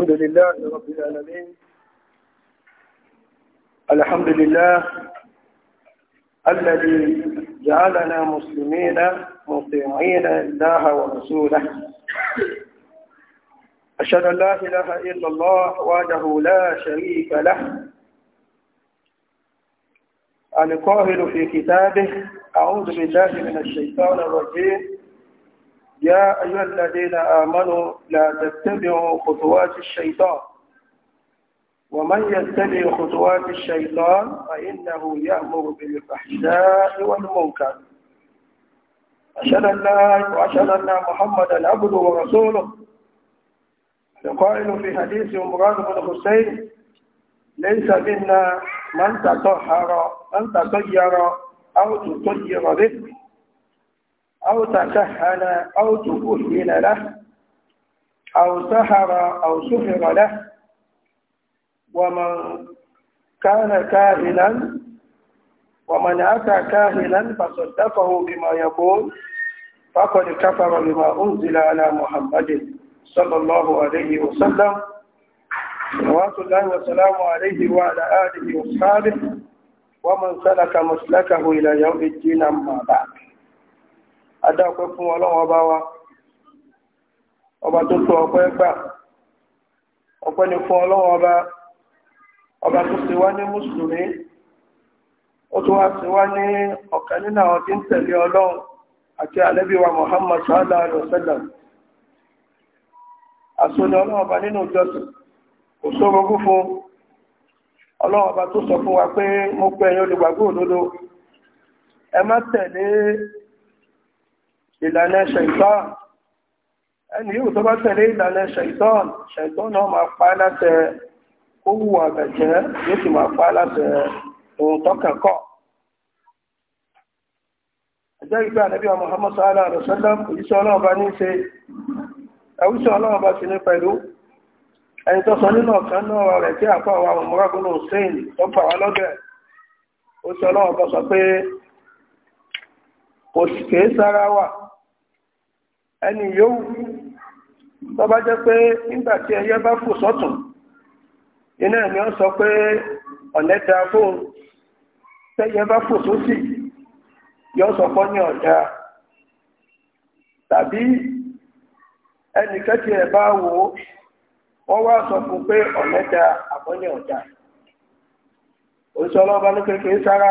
الحمد لله رب العالمين الحمد لله الذي جعلنا مسلمين مطيعين الله ورسوله أشهد أن لا إله إلا الله وحده لا شريك له القاهر في كتابه أعوذ بالله من الشيطان الرجيم يا أيها الذين آمنوا لا تتبعوا خطوات الشيطان ومن يتبع خطوات الشيطان فإنه يأمر بالفحشاء والمنكر أشهد أن لا وأشهد أن محمدا عبده ورسوله يقال في حديث مراد بن حسين ليس منا من تطهر أن تطير أو تطير به أو تسهل أو تكهل له أو سهر أو سهر له ومن كان كاهلا ومن أتى كاهلا فصدقه بما يقول فقد كفر بما أنزل على محمد صلى الله عليه وسلم صلوات الله وسلامه عليه وعلى آله وأصحابه ومن سلك مسلكه إلى يوم الدين أما بعد adáwọ̀pẹ́ fún ọlọ́run ọba wá. ọba tó tó ọpẹ́ gbà Ọpẹ ni fún ọlọ́run ọba ọba tó ṣe wá ní mùsùlùmí ó tún wá ṣe wá ní ọ̀kan nínú àwọn tí ń tẹ̀lé ọlọ́run àti àlẹ́bí wa Muhammad sallallahu alaihi wasallam àsọni ọlọ́run ọba nínú ìjọsìn kò sórogún fún ọlọ́run bá tó sọ fún wa pé mo pẹ́ ẹ̀yin olùgbàgbọ́ òdodo ẹ má tẹ̀lé ìlànà ṣẹ̀tọ́n ẹni yóò tó bá tẹ̀lé ìlànà ṣẹ̀tọ́n ṣẹ̀tọ́n náà máa pa láṣẹ kó wù àbẹ̀jẹ́ yóò sì máa pa láṣẹ ohun tọ́kàn kọ́ ẹjẹ́ ìgbà nàbí ọmọ Muhammad sallallahu alaihi wasallam òjíṣẹ́ ní ṣe ẹni yóò tó bá jẹ́ pé nígbà tí ẹyẹ bá fò sọ́tún iná ẹ̀mí sọ pé ọ̀lẹ́ fóun tẹ́yẹ bá fò sósì yóò sọ pọ́ ní ọ̀dà tàbí ẹnìkan tí ẹ̀ bá wò ó wá sọ fún pé ọ̀lẹ́ da ní ọ̀dà òṣìṣẹ́ ọlọ́ba ló kékeré sára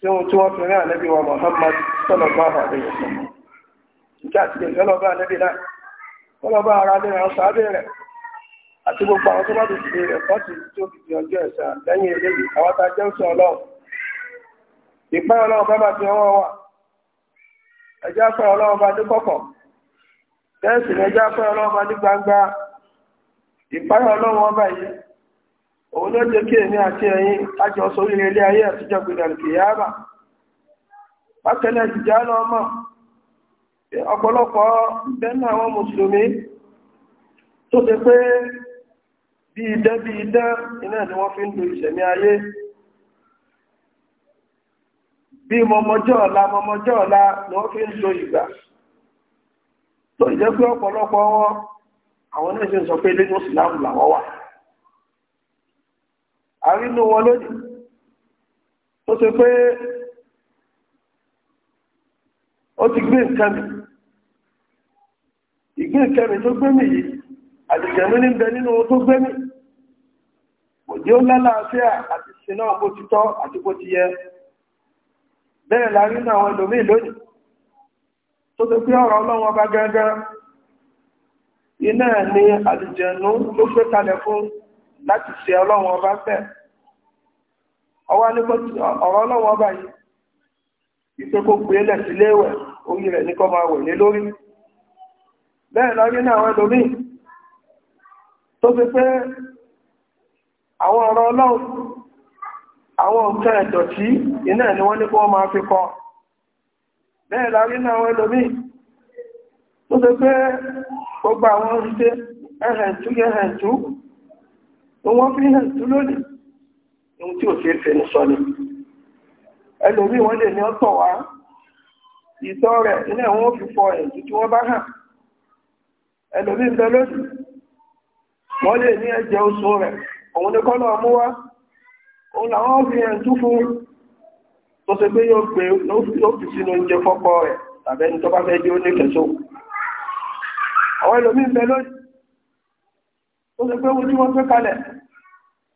tí wọ́n tí wọ́n fi rán ànábì wa Muhammad sallallahu alaihi wasallam ìjà àti ìjọ lọ́ba ànábì náà wọ́n lọ́ba ara lé àwọn sábẹ́ rẹ̀ àti gbogbo àwọn tó bá ti ṣe ẹ̀kọ́ ti tí ó fi di ọjọ́ lẹ́yìn àwọn tá a jẹ́ sọ ọlọ́run ìpẹ́ ọlọ́run bá bá ti ọwọ́ wà ẹjẹ́ onye ló jẹ́ kí èmi àti ẹ̀yin ajọ sórí ilé ayé àtijọ́ gbìdàlùkì yáàbà bákẹ́lẹ̀ ìjìjá lọ mọ̀ ọ̀pọ̀lọpọ̀ bẹ́ẹ̀nà àwọn mùsùlùmí tó ṣe pé bí idẹ́ bí idẹ́ iná ni wọ́n fi ń lo ìṣẹ̀mí ayé bí mọmọjọ́ ọ̀la mọmọjọ́ ọ̀la ni wọ́n fi ń lo ìgbà tó ìjẹ́ pé ọ̀pọ̀lọpọ̀ wọn àwọn náà ṣe ń àrínú wọn lónìí tó ṣe pé ó ti gbé nǹkan mi ìgbé tó gbé mi yìí àjẹ̀jẹ̀mí ní bẹ nínú tó gbé mi kò ó lálàáfíà àti sinú bó ti tọ́ àti bó ti yẹ bẹ́ẹ̀ àwọn ẹlòmíì lónìí tó ti pé ọ̀rọ̀ ọba gángan iná ni ló gbé kalẹ̀ fún láti ṣe ọba fẹ́ẹ̀ ọwọ́ ní ọ̀rọ̀ ọlọ́wọ́ báyìí ìpé kó gbé orí rẹ̀ ní máa wẹ̀ lé lórí bẹ́ẹ̀ lọ́rí àwọn ẹlòmí tó fi pé àwọn ọ̀rọ̀ ọlọ́run àwọn nǹkan ẹ̀dọ̀tí iná ni wọ́n ní kó máa fi kọ ohun tí ò ṣe é fẹnu sọ ni ẹlòmíì wọn lè ní ọtọ wá ìtọ rẹ ilé wọn ò fi fọ ẹjú tí wọn bá hàn ẹlòmíì ń bẹ lónìí wọn lè ní ẹ̀jẹ̀ oṣù rẹ òun ni kọlọ mú wá òun làwọn fi ẹjú fún tó ṣe pé yóò gbé ló fi sínú oúnjẹ fọpọ rẹ tàbí ẹni tó bá fẹ́ jẹ ó ní kẹsọ àwọn ẹlòmíì ń bẹ lónìí tó ṣe pé wọn wọn gbé kalẹ̀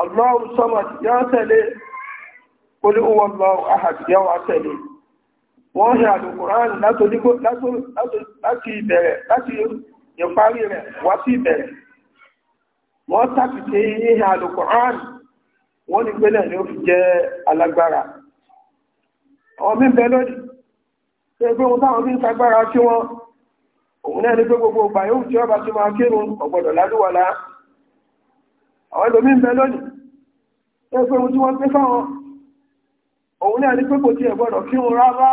Allahu Samad ya tẹ̀lé Qul huwa Allahu ahad yọ́ wá tẹ̀lé wọ́n ṣe àlùkùránì láti ìbẹ̀rẹ̀ láti ìparí rẹ̀ wá sí ìbẹ̀rẹ̀ wọ́n tàbíké ihe àlùkùránì wọ́n ní gbélẹ̀ ni o fi ọmọ mímbẹ lónìí pé pé wọn táwọn fi wọn gbogbo àwọn ìlòmí ń bẹ lónìí ẹgbẹ́ ohun tí wọ́n pé fáwọn òun ní àdí pé kò tí ẹ̀gbọ́dọ̀ kí wọn rárá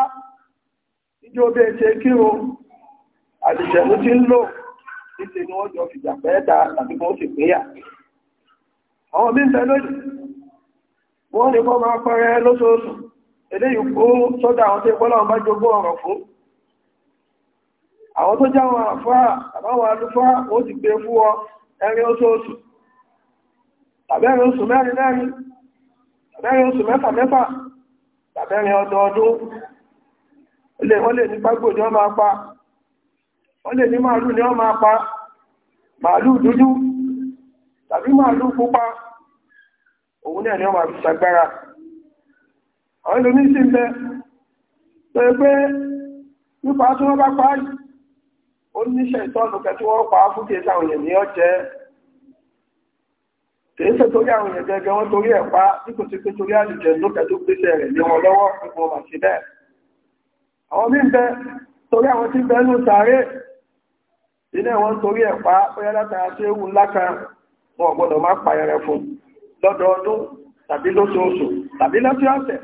ìjọ bẹ́ ṣe kí wọn àdìṣẹ̀lú tí ń lò títí ni wọ́n jọ fìjà pẹ́ẹ́ta tàbí wọ́n sì péyà àwọn mí ń bẹ lónìí wọ́n lè kọ́ máa pẹ́rẹ́ lóṣooṣù eléyìí kó sọ́dọ̀ àwọn tó gbọ́lọ̀ bá jogún ọ̀rọ̀ fún àwọn tó jáwọn àfáà àbáwọn alúfáà ó sì gbé fún ọ ẹrin oṣooṣù tàbẹ́rin oṣù mẹ́rin mẹ́rin tàbẹ́rin oṣù mẹ́fà mẹ́fà tàbẹ́rin ọdọọdún ó lè ní págbò ní ọmọ apá ó lè ní màálù ní ọmọ apá màálù dúdú tàbí màálù pupa òun náà ni ọmọ àbìsàgbára àwọn ìlúmí sí mẹ́ tó yẹ pé nípa tí wọ́n bá pa ó níṣẹ́ ìtọ́nù kẹ́ tí wọ́n pa fún kí ẹ̀ta òyìn ní ọjẹ́ tèése torí àwọn èèyàn gẹ́gẹ́ wọ́n torí ẹ̀ pa kò ti pé torí àlùjẹ lókè tó gbéṣẹ́ rẹ̀ lé wọn lọ́wọ́ ipò mà sí bẹ́ẹ̀ àwọn mí bẹ torí àwọn tí bẹ nù ilé wọn torí ẹ̀ bóyá látara tí ewu ńlá kan wọn gbọ́dọ̀ má pa fún lọ́dọọdún tàbí lóṣooṣù tàbí lọ́sẹ̀ ọ̀sẹ̀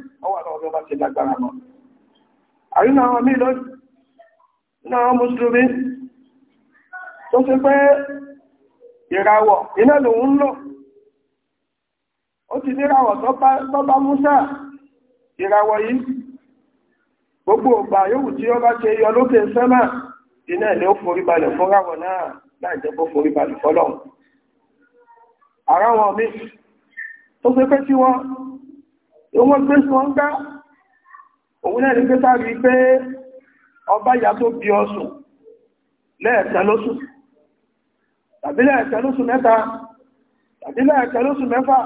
ọwọ́ ó ti níràwọ̀ tọ́bá músà ìràwọ̀ yìí gbogbo ọgbà yóò tí ó bá ṣe yọ lókè sẹ́mà iná ilé ó forí balẹ̀ fọ́ráwọ̀ náà láì jẹ́ kó forí balẹ̀ fọ́lọ̀ ara wọn mi tó fẹ́ pẹ́ sí wọn ìwọ́n gbé sí wọn gbá òun náà ní pé sáàrí pé ọba mẹ́ta tàbí lẹ́ẹ̀kan mẹ́fà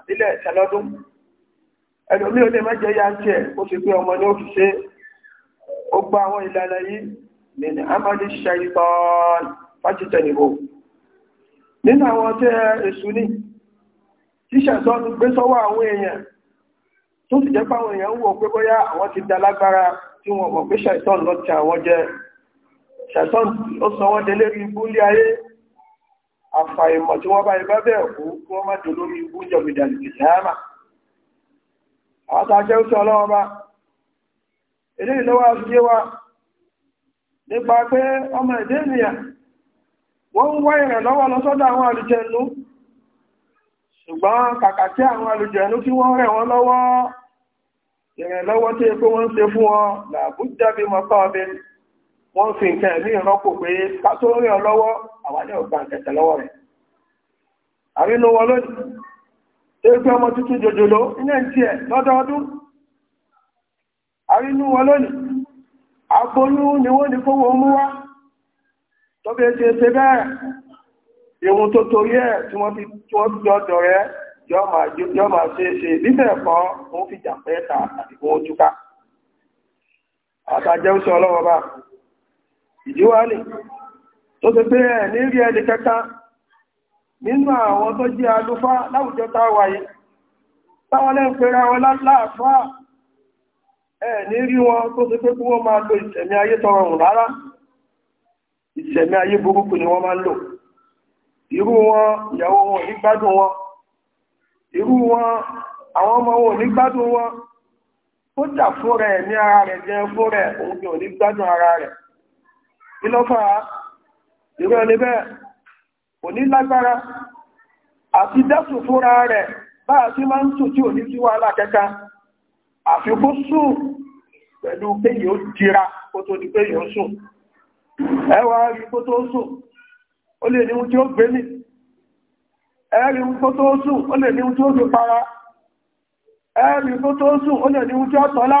àbílẹ̀ ẹ̀sẹ̀ lọ́dún ẹlòmí ò lè má jẹ́ yáńtì ẹ̀ ó fi pé ọmọ ní òfìṣẹ́ ó gba àwọn ìlànà yìí lẹ́nà amadi ṣàìtàn fásitì nìbò nínú àwọn tẹ́ èṣù ní tíṣẹ̀tọ́ ti gbé sọ́wọ́ àwọn èèyàn tó sì jẹ́ páwọn èèyàn ń wò pé bóyá àwọn ti da lágbára tí wọ́n mọ̀ pé ṣàìtàn lọ àwọn jẹ ṣàìtàn ó sọ wọ́n délé rí ibú ayé àfàìmọ̀ tí wọ́n bá ibá bẹ̀ kú kí wọ́n má dò lórí ikú jọmìdà ìdáàmà àwọn tàjẹ́ òsì ọlọ́wọ́ bá ilé ìlọ́wọ́ àṣíyé wa nípa pé ọmọ ìdé ènìyàn wọ́n ń wá ìrẹ̀ lọ́wọ́ lọ sọ́dọ̀ àwọn àlùjẹ̀nú ṣùgbọ́n kàkà tí àwọn àlùjẹ̀nú tí wọ́n rẹ̀ wọ́n lọ́wọ́ ìrẹ̀ lọ́wọ́ tí epo wọ́n ń ṣe fún wọn làbújábí mọ́kọ́ ọbẹ̀ wọ́n fi nǹkan ẹ̀mí ìrọ́pò pé ká tó rí ọ lọ́wọ́ àwàlẹ́ ọ̀gbà ìtẹ̀tẹ̀ lọ́wọ́ rẹ̀ àrínú wọn ọmọ tuntun jòjòló iná ìtì ẹ̀ lọ́dọọdún àrínú wọn lónìí agbóyún ni wọ́n ní wá tó bí ṣe bẹ́ẹ̀ ìwọ̀n tó torí ẹ̀ tí wọ́n fi fi jà pẹ́ ta àti àtàjẹ́ ìdíwálè tó ti pé ẹ̀ ní rí ẹni kẹta nínú àwọn tó jẹ́ alúfá láwùjọ táwà yìí táwọn lẹ́ ń pèrè àwọn láàfá ẹ̀ ní rí wọn tó ti pé kí wọ́n máa lo ìṣẹ̀mí ayé tọrọrùn rárá ìṣẹ̀mí ayé burúkú ni wọ́n máa lò irú wọn ìyàwó wọn ní gbádùn wọn irú wọn àwọn ọmọ wọn ní gbádùn wọn ó jà fún rẹ̀ ní ara rẹ̀ jẹ́ fún rẹ̀ òun kì ò ní gbádùn ara rẹ̀ ìlọ́fà ìrọ ẹni bẹ́ẹ̀ lágbára àti dẹ́sù fúnra rẹ̀ bá tí máa ń sùn tí ò ní sí wàhálà kẹta àfikún sùn pẹ̀lú pé jira kó tó di pé sùn ẹwà rí kó tó sùn ó lè ní tí ó gbé ní ẹ̀rí kó tó sùn ó lè tí ó fi para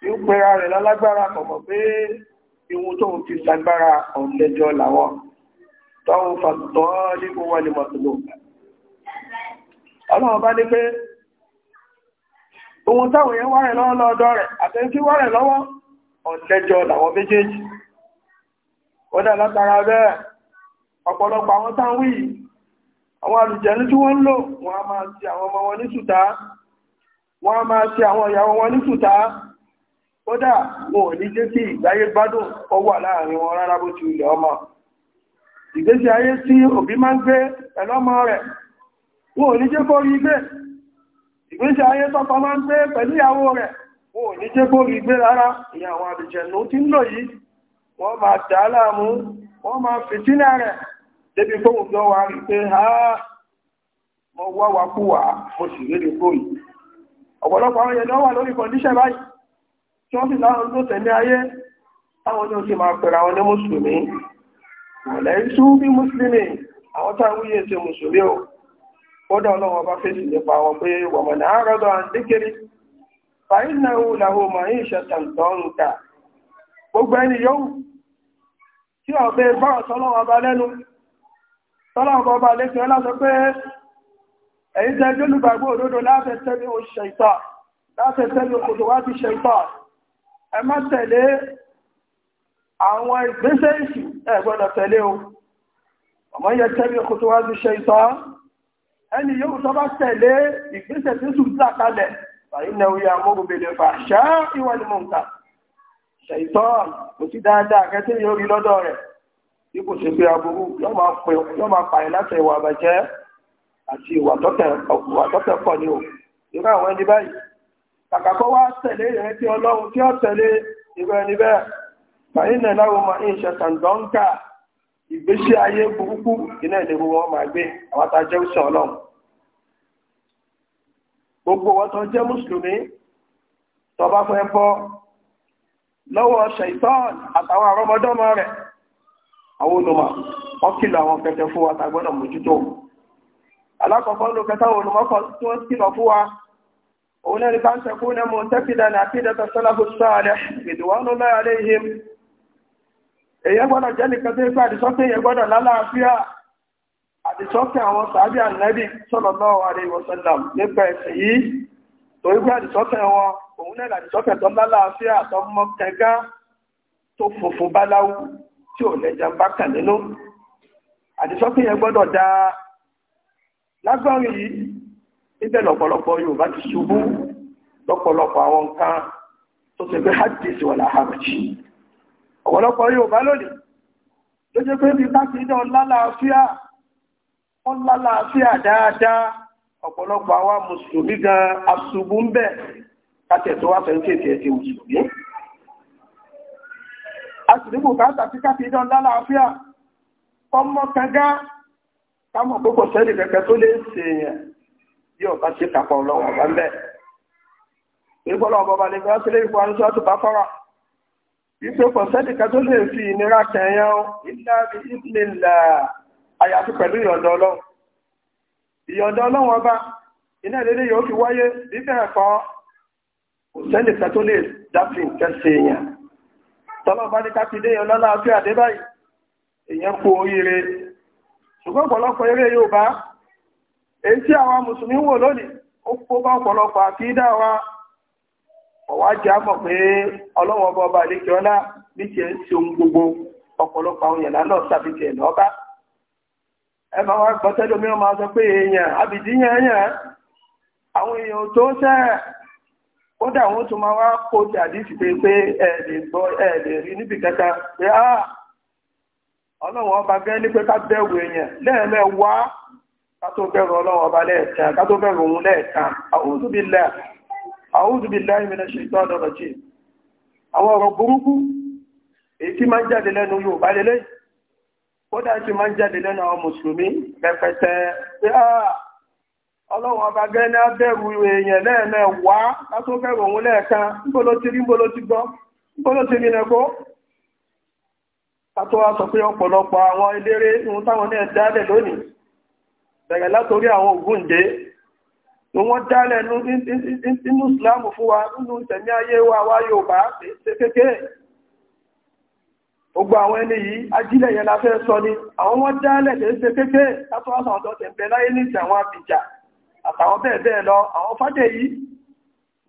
tí ó pera rẹ̀ lálágbára kọ̀mọ̀ pé ihun tó ti sagbára ọ̀lẹ́jọ́ làwọn tọ́hun fàtọ́ nígbò wà ní mọ̀tòlò ọlọ́run bá ní pé ohun táwọn èèyàn wà rẹ̀ lọ́wọ́ lọ́dọ́ rẹ̀ àtẹ́ntí wà rẹ̀ lọ́wọ́ ọ̀lẹ́jọ́ làwọn méjèèjì ó dà látara bẹ́ẹ̀ ọ̀pọ̀lọpọ̀ àwọn táwí àwọn àlùjẹ̀ní tí wọ́n ń lò wọ́n á máa ti àwọn ọmọ wọn ní kódà mo ò ní jẹ́ kí ìgbáyé gbádùn ọwọ́ aláàrin wọn rárá bó ti ọmọ ìgbésí ayé tí òbí máa ń gbé ẹ̀lọ́mọ rẹ̀ wọn ní jẹ́ kó rí gbé ìgbésí ayé tọ́kọ máa ń gbé pẹ̀lú ìyàwó rẹ̀ ní jẹ́ kó rí gbé wọ́n máa dà á wọ́n máa rẹ̀ débi kó wùdọ́ wa rí pé ha wa kú mo sì rí kó yìí ọ̀pọ̀lọpọ̀ àwọn èèyàn wà lórí wọ́n sì láwọn tẹ̀lé ayé táwọn ọjọ́ sí máa pẹ̀rẹ̀ àwọn ní mùsùlùmí ìwọ̀lẹ̀ ìṣú bí mùsùlùmí àwọn táwíyè ṣe mùsùlùmí o kódà ọlọ́wọ́ bá fèsì nípa wọn pé wọ̀mọ̀nà àárọ̀dọ̀ àndékiri fàílẹ̀wò làwọn màá ń ìtọ́ ẹ má tẹ̀lé àwọn ìgbésẹ̀ ìṣù ẹ gbọ́dọ̀ tẹ̀lé o ọmọ yẹ tẹ́lẹ̀ kò tó wá sí ṣe ìtọ́ ẹni yóò tọ́ bá tẹ̀lé ìgbésẹ̀ tó sùn dà kalẹ̀ báyìí náà yà mọ́rù bèèrè fà ṣá ìwà ni mo ń kà ṣe ìtọ́ kò sí dáadáa kẹ́tẹ́ yóò rí lọ́dọ̀ rẹ̀ bí kò sí pé aburú yóò máa pààyàn láti ìwà àbàjẹ́ àti ìwà tọ́tẹ̀ pọ̀ ni o ìrú àwọn ẹni báyìí kàkàkọ́ wá tẹ̀lé ìrẹ́ tí ọlọ́run tí ó tẹ̀lé ìrẹ́ níbẹ̀ fàyínà láwọn ọmọ ìṣẹ̀ sàǹdọ́ǹkà ìgbésí ayé burúkú iná ìlérò wọn máa gbé àwọn àtàjẹ́ òṣìṣẹ́ ọlọ́run gbogbo wọn tó jẹ́ mùsùlùmí tó bá fẹ́ bọ́ lọ́wọ́ ṣẹ̀tọ́n àtàwọn àrọ́mọdọ́mọ rẹ̀ àwọn olùmọ̀ wọ́n kìlọ̀ àwọn kẹtẹ fún wa tàgbọ́dọ̀ mójútó alákọ̀ọ́kọ́ ló kẹta olùmọ́kọ̀ tí wọ́n kìlọ̀ fún wa هنالك أن تكون منتقدا عقيدة السلف الصالح رضوان الله عليهم na gbọ́dọ̀ jẹ́ nìkan tó ń fẹ́ àdìsọ́kẹ́ èyàn gbọ́dọ̀ lálàáfíà àdìsọ́kẹ́ àwọn sàábí ànábì sallallahu alaihi wasallam nípa ẹ̀sìn yìí torí wọn òun náà àdìsọ́kẹ́ tó lálàáfíà tó mọ́ kẹgá tó funfun báláwú tí ò lẹ́jà bá kàn nínú àdìsọ́kẹ́ yẹn gbọ́dọ̀ dáa lágbọ́n yìí níbẹ̀ lọ́pọ̀lọpọ̀ Yorùbá ti ṣubú lọ́pọ̀lọpọ̀ àwọn nǹkan tó ṣe pé hadith wà láhàbàjì ọ̀pọ̀lọpọ̀ Yorùbá lónìí ló jẹ́ pé bí bá ti ní ọlálàáfíà ọlálàáfíà dáadáa ọ̀pọ̀lọpọ̀ àwa mùsùlùmí gan aṣubú ń bẹ̀ kátẹ̀ tó wá fẹ́ntì ètì ẹ̀tì mùsùlùmí a sì ní bùkátà yóò bá sí kápọ̀ ọlọ́wọ́ ọba ń bẹ̀. ìgbọ́lọ̀ ọba ọba nìkan sílé ìfọ̀ bá fọ́ra. wípé kò tó lè fi ìnira kẹ̀yàn ilá bí ìpínlẹ̀ àyàfi pẹ̀lú ìyọ̀ǹda ọlọ́run. ọba iná yóò fi wáyé kò tó lè dáfi nǹkan èèyàn. bá ní dé lọ́lá àfi àdébáyì kú oríire ṣùgbọ́n ọ̀pọ̀lọpọ̀ eré esi awa àwọn mùsùlùmí wò lónìí ó kó bá ọ̀pọ̀lọpọ̀ àkídà wa ọ̀wá jẹ́ àmọ̀ pé ọlọ́wọ́ ọba ọba àlejò ọlá tiẹ̀ ń ṣe ohun gbogbo ọ̀pọ̀lọpọ̀ àwọn èèyàn lọ tàbí tiẹ̀ lọ́ba ẹ máa wá gbọ́ tẹ́lómi ọmọ sọ pé èèyàn àbìdí yẹn yẹn àwọn èèyàn tó sẹ́ kódà tún máa wá kó ti ah, ọba gẹ́ ní pé ká èèyàn lẹ́ẹ̀mẹ́ kátó bẹ̀rù ọlọ́run ọba lẹ́ẹ̀kan kátó bẹ̀rù òun lẹ́ẹ̀kan a'udhu billahi a'udhu billahi minash shaitanir rajim àwọn ọ̀rọ̀ burúkú èyí tí máa ń jáde lẹ́nu Yorùbá ah, sọ pé ọ̀pọ̀lọpọ̀ àwọn eléré ohun táwọn náà dálẹ̀ lónìí bẹ̀rẹ̀ látorí àwọn ògúnde tó wọ́n dálẹ̀ nínú ìsìláàmù fún wa nínú ìtẹ̀mí ayé wa wá Yorùbá ṣe kékeré gbogbo àwọn ẹni yìí ajílẹ̀ yẹn la fẹ́ sọ ni àwọn wọ́n dálẹ̀ lè ṣe kékeré látọ́ àwọn ọ̀dọ́ tẹ̀ ń bẹ láyé ní ìtẹ̀ àwọn abìjà àtàwọn bẹ́ẹ̀ bẹ́ẹ̀ lọ àwọn fájẹ̀ yìí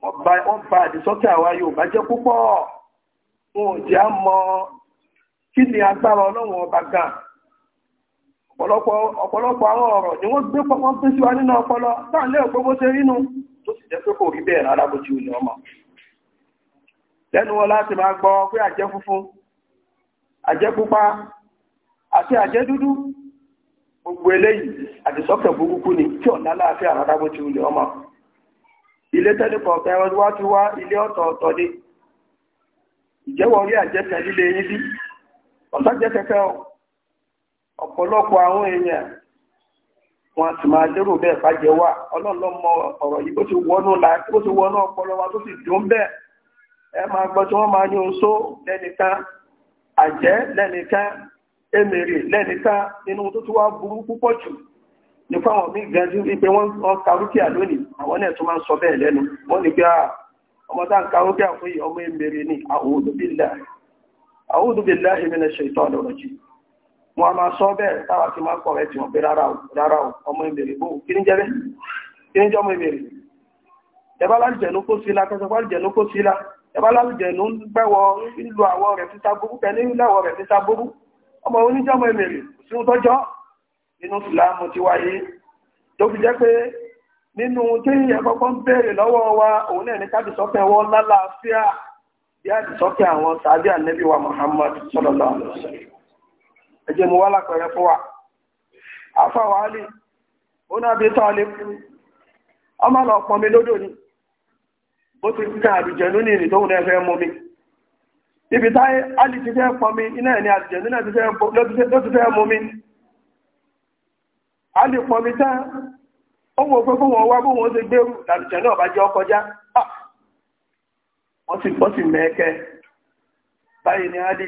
wọ́n ba àdìsọ́kẹ́ àwa Yorùbá jẹ́ púpọ̀ wọn ò kí ni agbára Ọlọ́run ọba gan ọ̀pọ̀lọpọ̀ àwọn ọ̀rọ̀ ni wọ́n gbé pọ́pọ́ pín sí wa nínú ọpọlọ láàrín òpópó ṣe rínú tó sì jẹ́ pé kò rí bẹ́ẹ̀ rárá bó ti wù ní ọmọ lẹ́nu wọn láti máa gbọ́ pé àjẹ́ funfun àjẹ́ pupa àti àjẹ́ dúdú gbogbo eléyìí àdìsọ́kẹ̀ burúkú ni tí ọ̀nà láàfin àrádá bó ti wù ní ọmọ ilé tẹ́lẹ̀ kọ̀ọ̀kan ẹran wá ti wá ilé ọ̀tọ̀ọ̀tọ̀ ni ìjẹ́wọ̀ rí àjẹsẹ̀ líle yín bí ọ̀sán jẹ́ kẹ́kẹ́ ọ̀ ọ̀pọ̀lọpọ̀ àwọn èèyàn wọn sì máa dérò bẹ́ẹ̀ bàjẹ́ wà ọlọ́ọ̀lọ́mọ ọ̀rọ̀ yìí bó ti wọnú ọpọlọ wa tó sì dùn bẹ́ẹ̀ ẹ máa gbọ́ tí wọ́n máa ní oṣó lẹ́nìkan àjẹ́ lẹ́nìkan emèrè lẹ́nìkan nínú tó tún wá burú púpọ̀ jù ní fáwọn mí wọ́n ń lónìí àwọn náà máa ń sọ bẹ́ẹ̀ lẹ́nu wọ́n ní pé ah, ọmọ wọn a máa sọ bẹ́ẹ̀ táwa ti máa kọ̀ rẹ̀ tí wọ́n pé rárá o rárá o ọmọ ìbèrè bò kí ní jẹ́ bẹ́ẹ̀ kí ní jẹ́ ọmọ ìbèrè ẹ̀bá lálùjẹ̀ ló kó sí la kẹsàn-án lálùjẹ̀ ló kó sí la ẹ̀bá lálùjẹ̀ ló ń gbẹ́wọ̀ ìlú àwọ̀ rẹ̀ fi sábúrú kẹ́ ní ìlú àwọ̀ rẹ̀ fi sábúrú ọmọ oníjẹ́ ọmọ ìbèrè sí ń tọ́jọ́ nínú ìsìlámù ti wáyé tó fi jẹ́ pé nínú tí ẹ̀kọ́kọ́ ń béèrè lọ́wọ́ wa òun náà ní káàdì sọ́kẹ́ wọn lálàáfíà bí àdìsọ́kẹ́ àwọn sàádé ànẹ́bí wa Muhammad sallallahu alaihi wasallam ẹjẹ́ mo wá lápẹẹrẹ fún wa afáwà alì ó náà bí tọ́ọ̀lẹ́ ọmọ lọ pọn mi lódò ni bó ti kíkà àlùjẹ̀nú ní ìrìn tóun ẹ̀fẹ́ mú mi ibi táyé alì ti fẹ́ pọn mi iná ẹ̀ ni àlùjẹ̀nú náà ló ti fẹ́ mú mi alì pọn mi tán ó wò pé fún wọn wá bó wọn ṣe gbérù àlùjẹ̀nú ọba jẹ́ ọkọjá ah! wọ́n sì mẹ́ẹ̀kẹ́ báyìí ni alì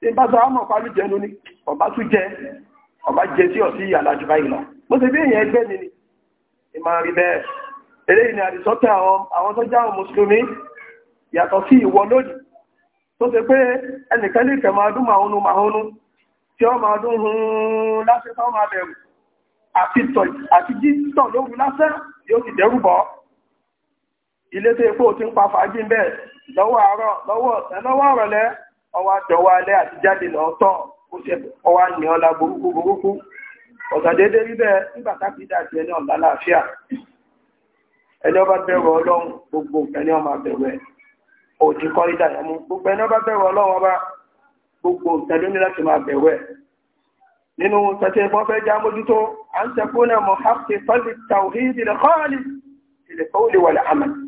tí bá sọ àmọ̀ parí jẹ́ lóní ọba tún jẹ ọba jẹ sí ọ̀sí alájú báyìí lọ mo sì bí èèyàn ẹgbẹ́ mi ni ìmọ̀ rí bẹ́ẹ̀ eléyìí ni àdìsọ́tẹ̀ àwọn àwọn tó jáwọn mùsùlùmí yàtọ̀ sí ìwọ lónìí tó ṣe pé ẹnìkan lè kẹ̀ máa dún màhónú màhónú tí ó máa dún hun láṣẹ tó máa bẹ̀rù àti jíjọ lóru láṣẹ yóò sì dẹ́rù bọ́ ilé tó epo ti ń pa fàájì bẹ́ẹ̀ lọ́wọ́ àárọ̀ lọ́wọ́ ọ̀sẹ̀ lọ́wọ́ ọ̀rọ̀lẹ́ ọwá alẹ́ àti jáde lọ́ọ̀tọ́ ọwá ní ọlá burúkú burúkú ọ̀gàdédé rí bẹ́ẹ̀ nígbà tábí ẹni ọ̀la láàfíà ẹni ọba ọlọ́run gbogbo ẹni ọmọ abẹ̀rù ẹ̀ òjì gbogbo ẹni ọba ọlọ́run ọba gbogbo láti máa nínú fẹ́ já mójútó à ń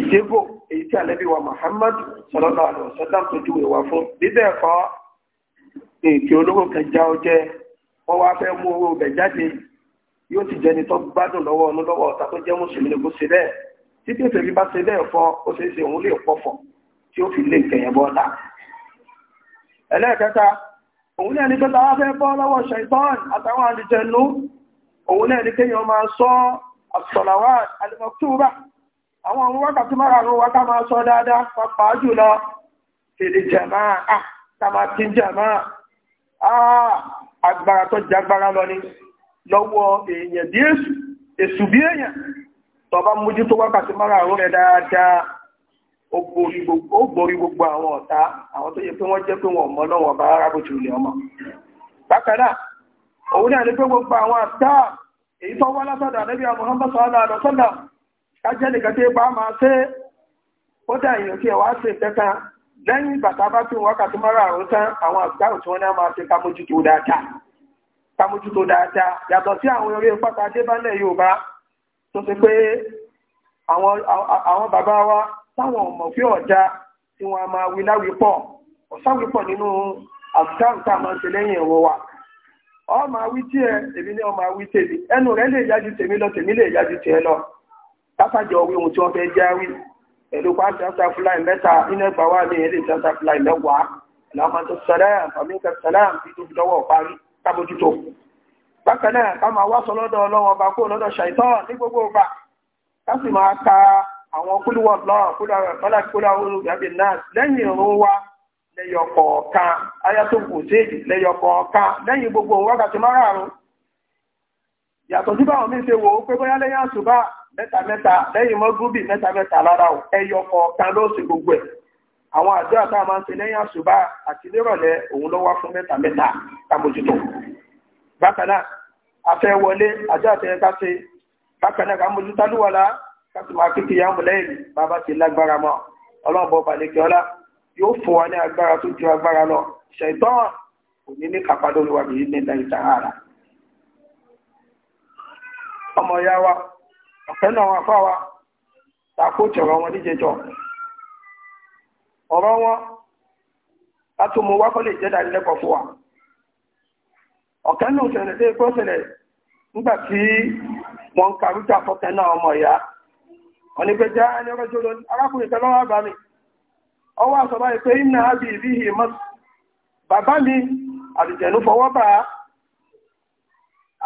ìṣègbò èyí tí àlẹ́bí wa Muhammad sallallahu alaihi wasallam tó júwe wa fún bíbẹ̀ ẹ̀kọ́ èkì olówó kẹjá ọjẹ́ wọ́n wá fẹ́ mú owó rẹ̀ jáde yóò ti jẹni tó gbádùn lọ́wọ́ ọ̀nà lọ́wọ́ ọ̀tá tó jẹ́ mùsùlùmí ni kò ṣe bẹ́ẹ̀ tí pèsè bí bá ṣe bẹ́ẹ̀ fọ́ ó ṣeé ṣe òun lè pọ̀fọ̀ tí ó fi lé ìkẹyẹ̀ bọ́ ọ̀la. ẹlẹ́ẹ̀kẹta òun náà ní pé táwa fẹ́ àwọn àwọn wákàtí márààrún wákà máa sọ dáadáa pàápàá jùlọ fèdè jàmáà tàmàtí jàmáà agbára tó jagbára lọ ní lọ́wọ́ èèyàn bí èṣù èṣù bí èèyàn tó bá mójú tó wákàtí márààrún rẹ̀ dáadáa ó borí gbogbo àwọn ọ̀tá àwọn tó yẹ pé wọ́n jẹ́ pé wọ́n mọ́ lọ́wọ́ bá rárá bó ti lè ọmọ bákan náà òun náà ní pé gbogbo àwọn àtà èyí tó wá látọ̀dọ̀ àdébíà Muhammad sallallahu alaihi wasallam ka nìkan tí bá máa ṣe ó dá èèyàn kí ẹ wá ṣe ìtẹ́ka lẹ́yìn bàtà bá wákàtí àrùn àwọn tí wọ́n ní a máa ṣe kámójútó dáadáa kámójútó dáadáa yàtọ̀ sí àwọn eré pátá débálẹ̀ Yorùbá tó pé àwọn bàbá wa táwọn ọmọ fí tí wọ́n a máa wí láwípọ̀ ọ̀sáwípọ̀ nínú àbúdáhùn tá a máa ṣe lẹ́yìn ẹ̀rọ wa ọ máa wí tí ẹ káfàjọ wí ohun tí wọ́n fẹ́ jáwé pẹ̀lú pàṣẹ fúláì mẹ́ta nínú ẹgbà wà ní ẹlẹ́ ìṣẹ́ta fúláì mẹ́wàá ẹ̀lọ́mọdé sẹ́lẹ̀m fàmíkà sẹ́lẹ̀m fi tó fi lọ́wọ́ parí tábójútó bákan náà ká máa wá sọ lọ́dọ̀ ọlọ́wọ́ bá kó lọ́dọ̀ ṣàìtọ́ ní gbogbo ọgbà ká sì máa ka àwọn kúlúwọ̀ lọ́ọ̀ kúlúwọ̀ olùgbàgbé náà lẹ́yìn òun wa lẹ́yọkọ̀ọ̀kan ayatollah hussein lẹ́yọkọ̀ọ̀kan lẹ́yìn gbogbo wákàtí márààrún yàtọ̀ sí báwọn ṣe wò ó pé bóyá lẹ́yìn àṣùbà mẹ́ta mẹ́ta lẹ́yìn mọ́gúbì mẹ́ta mẹ́ta lára o ẹyọ kọ̀ọ̀kan ló sì gbogbo ẹ̀ àwọn àdúrà tá a máa ń ṣe lẹ́yìn àṣùbà àti nírọ̀lẹ́ òun ló wá fún mẹ́ta mẹ́ta kàmójútó bákan náà afẹ́ wọlé àdúrà tẹ́ ká ṣe bákan náà kàmójútó àlùwàlá káṣí máa kékeré yàmù lẹ́yìn bàbá ti lágbára mọ́ ọlọ́ọ̀bọ̀ balẹ̀kẹ́ ọlá yóò fún wa ní agbára tó ju agbára lọ ṣẹ̀tọ́n ọmọ ya wa ọ̀fẹ́ náà wọn fáwa a tẹ̀rọ wọn níjẹjọ ọ̀rọ̀ wọn látòmù wákọ́ lè jẹ́ dánilẹ́kọ̀ọ́ fún wa ọ̀kẹ́ náà ṣẹlẹ̀ dé kó ṣẹlẹ̀ nígbà tí wọ́n ń karújà fọ́kẹ́ náà ọmọ ìyá wọ́n ẹni jọ lónìí arákùnrin bá mi ìmọ̀ bàbá mi fọwọ́ a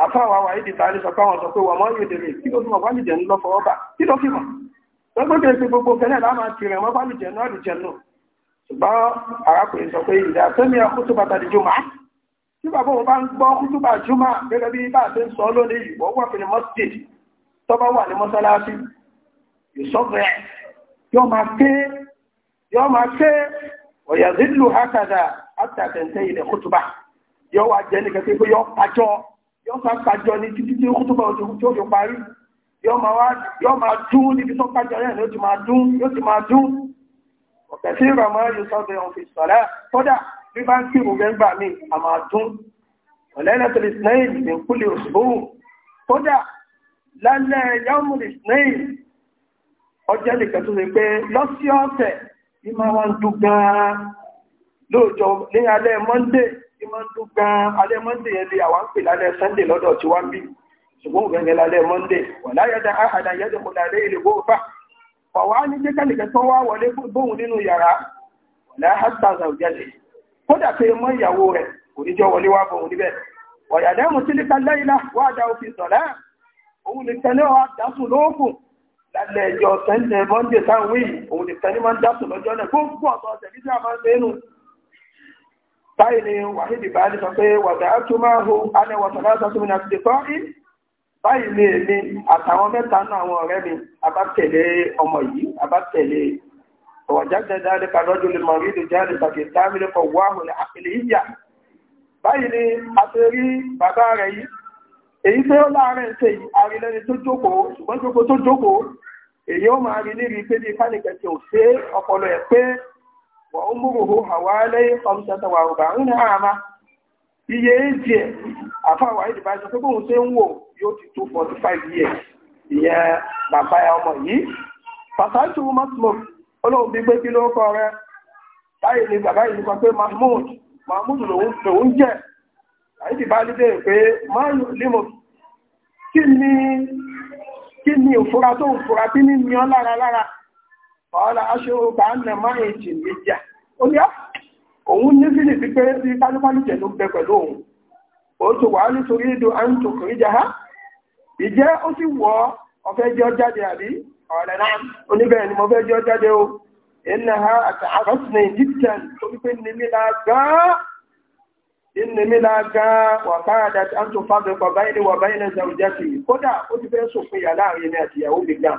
àfáwà wà ìdí tààrí sọ káwọn sọ pé wà mọ́ yóò dèrè kí ló túnmọ̀ wálìjẹ̀ ń lọ fọwọ́ bà kí ló fi mọ̀ lọ́gbẹ́gbẹ́ sí gbogbo fẹ́lẹ̀ láàmà ti rẹ̀ mọ́ wálìjẹ̀ náà lù jẹun ṣùgbọ́n arákùnrin sọ pé ìdá tẹ́mi ọkùtù bàtà di jùmọ̀ tí bàbá òun bá ń gbọ́ kútù bà jùmọ̀ gẹ́gẹ́ bí bá a ti ń sọ lónìí ìwọ́ wà fi ní mọ́sídìd tó yóò máa pàjọ ní títí tí ó tó bá òtún tí ó fi parí yóò máa dún níbi tó pàjọ rẹ̀ yóò ti máa dún yóò ti máa dún ọ̀pẹ̀ sí ìrọ̀mọ́ yóò sọ pé òun fi sọ̀rẹ́ kódà bí bá ń kí ìrùgbẹ́ gbà mí a máa dún ọ̀lẹ́lẹ́ tó lè snail ní kúlẹ̀ monday ìmọ̀ ń dún gan alẹ́ monday yẹn lè àwọn ń pè lálẹ́ sunday lọ́dọ̀ tí wọ́n ń bí ṣùgbọ́n òun gẹ́gẹ́ lálẹ́ monday wọ̀lá yẹ́dá àhàdà yẹ́dá kò lálẹ́ ilé gbogbo fà ọ̀wá ní jẹ́ kẹ́lẹ̀kẹ́ tó wá wọlé bóhun nínú yàrá wọ̀lá hasbaz àwùjẹ́lẹ̀ kódà pé mọ́ ìyàwó rẹ̀ kò ní jọ wọlé wá báyìí ni wàhídì bá ní sọ pé wàdà tó máa ho anẹwọ̀sán láti sọ́tún náà ti tọ́ ì báyìí ni èmi àtàwọn mẹ́ta náà àwọn ọ̀rẹ́ mi abátẹ̀lé ọmọ yìí abátẹ̀lé ọ̀jáde dáadé kàdọ́jú lè mọ̀rí ìlú jáde pàtì dámìlẹ̀ kọ̀ wá hùn àpèlè ìyà báyìí ni a ti rí bàbá rẹ̀ yìí èyí tí ó láàárẹ̀ ṣe yìí arinlẹ́ni tó jókòó ṣùgbọ́n jókòó wa umuruhu hawalai khamsata wa arba'un ama iye eje afa wa idi ba so pé ṣe ń wò 45 years ìyẹn bàbá ya ọmọ yìí fasaitu masmuk Ọlọ́hun gbé kí ló re báyìí ni bàbá yìí pé mahmud mahmud pé kí ọ lára lára ọ̀la aṣọ́rọ̀ bá ń nà máa ń tì méjà ó ní òun ní fílì sí pé bí pálípálí tẹ̀ ló bẹ pẹ̀lú òun ó ti wà nítorí ìdò à ń tò kìí jà á ìjẹ́ ó sì wọ́ ọ̀fẹ́ jẹ́ jáde àbí ọ̀rẹ́ náà oníbẹ̀rẹ̀ ni mo fẹ́ jẹ́ jáde o ìnà ha àti àrọ́sìnà egyptian tó wípé nímìlá gan-an ìnìmìlá gan-an wà káàdà wà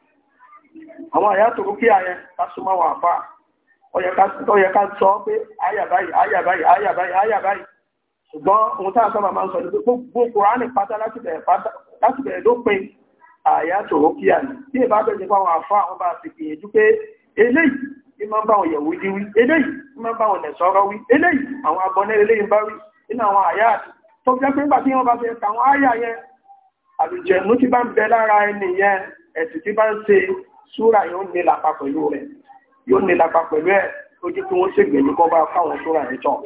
àwọn àyà tó rú kí àyẹn ká súnmọ́ wọn àfà ọyẹ ká sọ pé àyà báyìí àyà báyìí àyà báyìí àyà báyìí ṣùgbọ́n ohun tá a sábà máa ń sọ ní pé gbogbo kùránì pátá láti bẹ̀rẹ̀ dópin àyà tó rú kí àyẹn tí ìbá bẹ̀rẹ̀ nípa àwọn àfà àwọn bá ti gbìyànjú pé eléyìí ní máa ń bá àwọn Yẹ̀wúdí wí eléyìí ní máa ń bá àwọn Nẹ̀sọ́rọ́ wí eléyìí àwọn abọ́nẹ́ eléyìí bá wí nínú àwọn àyà tó jẹ́ pé nígbà tí wọ́n bá fẹ́ kà súrà yóò lè lápá pẹ̀lú rẹ̀ yóò lè lápá pẹ̀lú ẹ̀ lójú tí wọ́n ṣègbè ní kọ́ bá fáwọn súrà yẹn tán.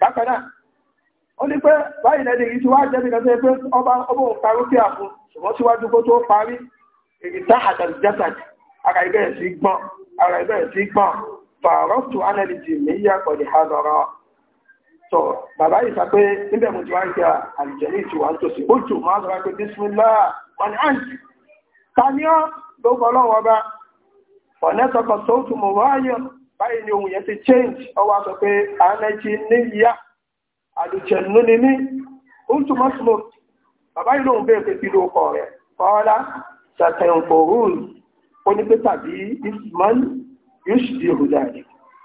bákan náà ó ní pé báyìí lẹ́nu èyí tí wàá jẹ́ nìkan tó yẹ pé ọba ọba òun parí kí àfún ṣùgbọ́n síwájú kó tó parí èyí tá àdàlù jẹ́sà ara ibẹ̀ sí gbọ́n ara ibẹ̀ sí gbọ́n fàárọ̀tù anẹ́lìjì níyà pẹ̀lú àdọ̀rọ̀ tọ̀ bàbá yìí sá pé níbẹ̀ mo ti wá ń kí àlùjẹ́ ní ìtura ń tòsí ó jù máa ń sọ pé bísí lóògbọ́ ọlọ́run ọba ọ̀nẹ́sọ̀kọ̀ sóòtù mọ̀ wáyọ̀ báyìí ni ohun yẹn ti change ọwọ́ sọ pé àánẹ́jì ní ìyá ni mí oúnjẹ mọ́sùmọ́ bàbá yìí lóhun bèèrè pé ló kọ rẹ̀ kọ́ọ́lá sàtẹ̀ǹkòrún ó tàbí isman yusufi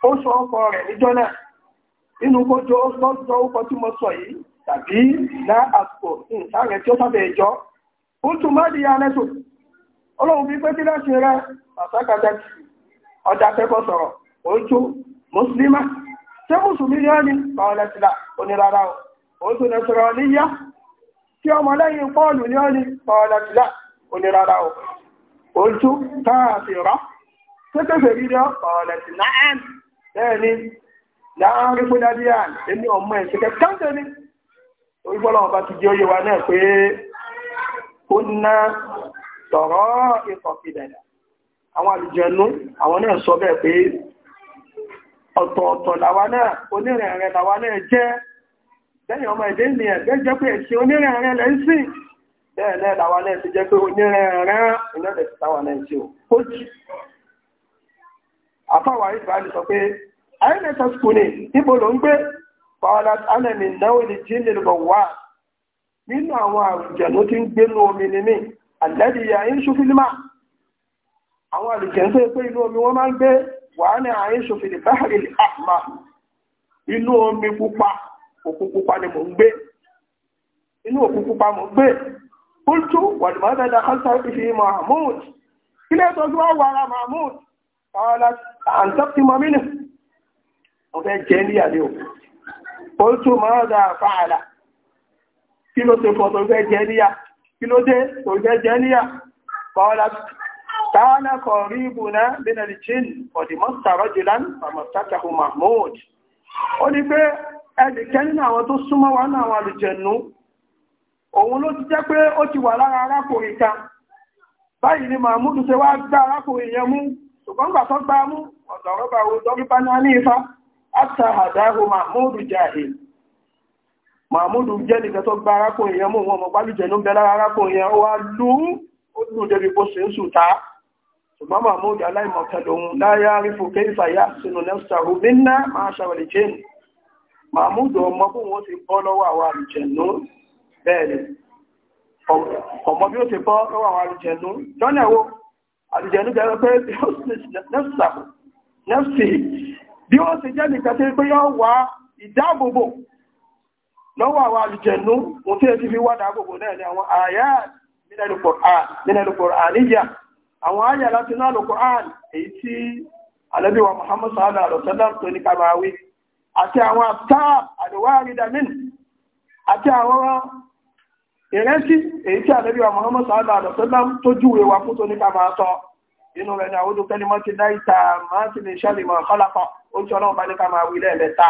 ó sọ ọkọ rẹ̀ níjọ́ náà tí mo sọ yìí tàbí ọlọ́run bí pé kí láti rẹ àsákàjájì ọjà tẹ́kọ̀ sọ̀rọ̀ ojú mùsùlùmá ṣé mùsùlùmí ni ó ní pàọlẹ́sìlá onírara ojú nẹsọ̀rọ̀ níyá tí ọmọ lẹ́yìn pọ́ọ̀lù ni ó ní pàọlẹ́sìlá onírara ojú tààfìrọ́ tẹ́kẹ̀fẹ̀ rírí pàọlẹ́sìlá ẹni láàárín fúnadíà ẹni ọmọ ẹ̀ṣẹ̀kẹ̀ káńtẹ́ ni orí bọ́lá ọba ti jẹ́ oyè wa náà pé ó ná tọrọ ìkọ̀kìdẹ̀dà àwọn Awọn àwọn náà sọ bẹ́ẹ̀ pé ọ̀tọ̀ọ̀tọ̀ làwa náà onírẹ̀rẹ̀ làwa náà jẹ́ lẹ́yìn ọmọ ìdé ni ẹ̀gbẹ́ jẹ́ pé ẹ̀sìn onírẹ̀rẹ̀ lẹ́ ń sìn bẹ́ẹ̀ náà làwa náà ti jẹ́ pé onírẹ̀rẹ̀ iná lẹ̀ ti táwa náà ṣe ó jì àfáwà ìbáàlì sọ pé àyẹ̀lẹ́sọ̀ skùnì ń gbé pàwọ́lá omi ni mí àlẹ́dì àyíṣù fílímà àwọn àlìkẹ́ tó pé inú omi wọ́n máa ń gbé wà ní àyíṣù fìlìbáàrí àmà inú omi pupa òkun pupa ni mò ń gbé inú òkun pupa mò ń gbé kúltù wàlùmọ́dẹ́dà kọ́sàtì fi mahmoud ilé tó tó wà ara mahmoud ọ̀la àǹtọ́pì mọ́mínú ọ̀fẹ́ jẹ́ ní àlẹ́ o kúltù mọ́dà fààlà kí ló ti fọ́ fẹ́ jẹ́ níyà kí ló dé tó jẹ́ jẹ́ níyà tààlà kọ̀rí ìbùnà bínàlì jìn ọ̀dìmọ́sàrọ̀ jìlán àmọ̀sátàkù mahmoud ó ní pé ẹnìkẹ́ nínú àwọn tó súnmọ́ wá náà wà lùjẹ̀nú òun ló ti jẹ́ pé ó ti wà lára arákùnrin kan báyìí ni mahmoud ṣe wá gbá arákùnrin yẹn mú ṣùgbọ́n gbà tó gbá mú ọ̀dọ̀rọ̀bà mahmud jẹ́ nìkan tó gba arákùnrin yẹn mú wọn mọ̀ pálùjẹ̀ ló ń bẹ lára arákùnrin yẹn ó wá lù ú ó lù ú débi kó ṣe ń sùn ta ṣùgbọ́n mahmud aláìmọ̀kan lòun láyé àrífò kéfàyà sínú nẹ́fṣà rúbínà máa ṣàwẹ̀lẹ̀ jẹ́ mahmud ọmọ bó wọn ti bọ́ lọ́wọ́ àwọn àlùjẹ̀nú bẹ́ẹ̀ ọmọ bí ó ti bọ́ lọ́wọ́ àwọn àlùjẹ̀nú lọ́nà ẹ̀wọ́ àlùjẹ̀nú bẹ̀rẹ̀ pé nẹ́fṣà bí ó ti jẹ́ lọ́wọ́ àwọn alìjẹ̀nú ohun tí ẹ ti fi wádà gbogbo náà ni àwọn àyà nínú Kùránì àwọn àyà láti náà lò Kùránì èyí tí Ànábì wa Muhammad sallallahu alaihi wasallam tó ní kàbàwí àti àwọn àtàà àdìwá àrídàmín àti àwọn ìrẹsì èyí tí Ànábì wa Muhammad sallallahu alaihi wasallam tó júwe wa fún tó ní kàbàtọ̀ inú rẹ̀ ni àwọn odò kẹ́límọ́ ti dáìta máa ti lè ṣàlìmọ̀ kọ́lápọ̀ ó ti ọlọ́run bá ní kàbàwí lẹ́ẹ̀mẹ́ta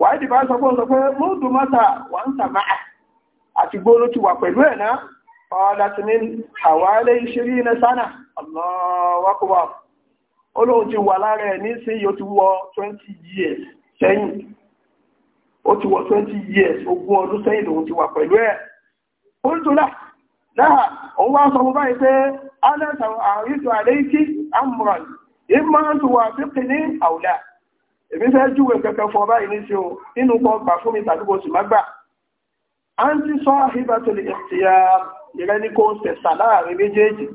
wàídì bá sọ fún ọ̀sọ̀fẹ́ mọ́ọ̀dù mọ́ta wà ń tàmà àti gbóòrò ti wà pẹ̀lú ẹ̀ náà ọ̀dá ti ní àwárẹ́ ìṣeré iná sánà ọ̀nàwọ́kọ̀wà olóhun ti wà lára ẹ̀ ní sí yóò ti wọ 20 years sẹ́yìn ó ti wọ 20 years ogún ọdún sẹ́yìn lòun ti wà pẹ̀lú ẹ̀ olùtúlá náà òun wá sọ fún báyìí pé alẹ́sàn àrídò àlẹ́ ikí amúran ìmọ̀ tó wà fífì ní èmi fẹ́ júwe kẹ́kẹ́ fún ọba yìí níṣẹ́ o nínú kan gbà fún mi tàbí kò sì má gbà á ń ti sọ àhíbá tó lè ti ya ìrẹ́ ní kó ń sẹ̀sà láàrin méjèèjì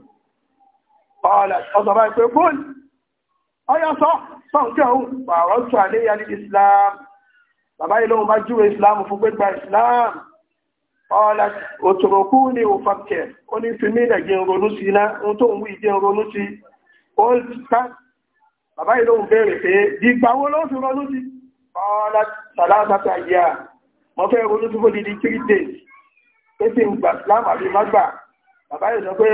ọ̀sọ̀ bá pé bóòlù ọyọ sọ sọ̀nkẹ́ òun pààrọ̀ tó àléyà ní Islam bàbá yìí lóhun bá júwe Islam fún gbégbà Islam ọ̀la òtòròkú ni òfàkẹ́ ó ní fi mílẹ̀ jẹun ronú sí iná ohun tó ń wí jẹun ronú sí old tax bàbá yìí lóhun béèrè pé ìgbà wo ló fi ronú sàlásàtà yìí à fẹ́ ronú sí fòdìdí days pé sí ìgbà láàmà bí má bàbá yìí pé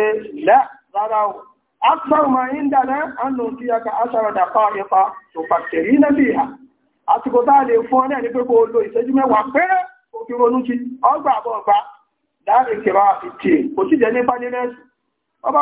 lẹ́ rárá o ń dáná àánú sí aka ipa tó náà bí ìhà àsìkò tá a lè fún ọ náà ní pé kó o lo ìṣẹ́jú mẹ́wàá fi ronú ọgbà láàrin kìrọ àti tì kò jẹ́ nípa nílẹ̀ ọba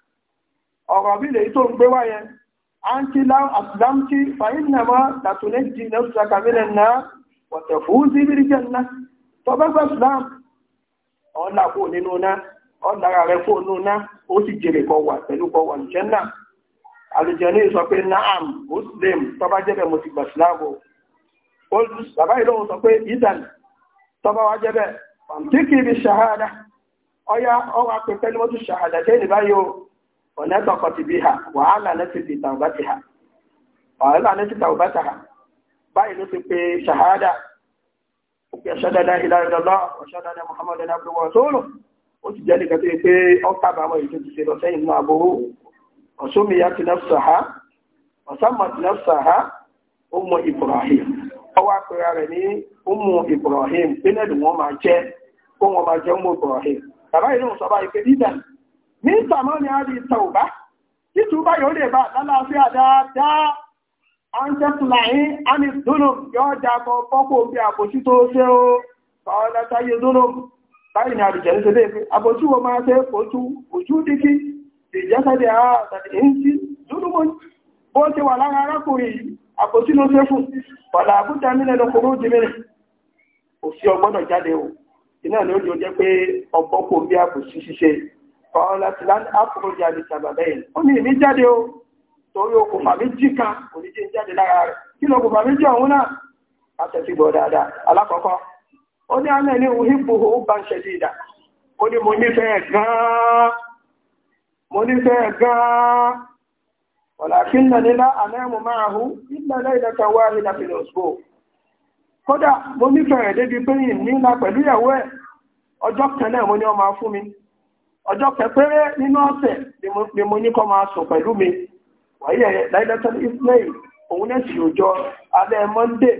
ọ̀rọ̀ bí lèyí tó ń gbé wáyẹ àǹtí àtìlámtí fàyínàmá làtúnlẹ̀ di nẹ́sùsà kàmílẹ̀ náà wọ̀tẹ̀ fún sí bí jẹ́ ńlá tọ́gbẹ́gbẹ́ islam ọ̀là kò nínú náà ọ̀lára rẹ̀ kò nínú náà ó sì jèrè kọ wà pẹ̀lú kọ wà nìjẹ́ náà àlùjẹ́ muslim tọ́bá jẹ́bẹ̀ mo ti gbà síláàbò bàbá ìlóhun sọ pé idan tọ́bá wá jẹ́bẹ̀ pàmtíkì ibi ṣahada ọya ọwà pẹ̀pẹ́ ni mo ونطقت ha, وأعلنت بتوبتها وأعلنت توبتها báyìí ló ti pe ṣàhádà òkè ṣádádá shahada, ọ̀ṣádádá Muhammadu abúrúwọ̀ tóòrò ó ti jẹ́ nìkan tó yẹ pé ti ṣe lọ sẹ́yìn náà aburú ọ̀ṣómiyá ti nafsaha ọ̀sámọ̀ ti nafsaha Ibrahim ọwọ́ apẹ̀rẹ̀ rẹ̀ ní Ibrahim pínlẹ̀ wọn Ibrahim ní ìsàmọ́ ni a rí tàùbá tí tùbá yóò lè bá lálàáfíà dáadáa ancestline anis dunum yóò jákọ pọ́pọ̀ bí àbòsí tó ṣe ó ọ̀lẹ́ta yé dunum báyìí ni àrùjẹ̀ ṣe lè fi àbòsí wo máa ṣe ojú ojú díkí ìjẹ́sẹ̀dẹ̀ àtàdínkì dunumun jáde ò iná ni ó jẹ́ pé ọgbọ́kùn bí àbòsí ṣiṣẹ́ ọ̀rọ̀lẹ́tì láti àpòròjà lè ṣàbàbẹ̀ yìí ó ní ìní jáde o torí okùnfà méjì kan kò ní jẹ́ jáde lára rẹ̀ kí ló okùnfà méjì ọ̀hún náà látẹ̀sí gbọ́ ohun ìbò ó bá ń ṣẹ̀dí ìdá mo mo kódà mo nífẹ̀ẹ́ débi ńlá pẹ̀lú ìyàwó ẹ̀ ọjọ́ kan náà mo ní ọmọ ọjọ́ kẹpẹ́rẹ́ nínú ọ̀sẹ̀ ni mo ní kọ́ máa sùn pẹ̀lú mi wáyé láìlẹ́tọ́lù ismail òun náà sì òjò alẹ́ monday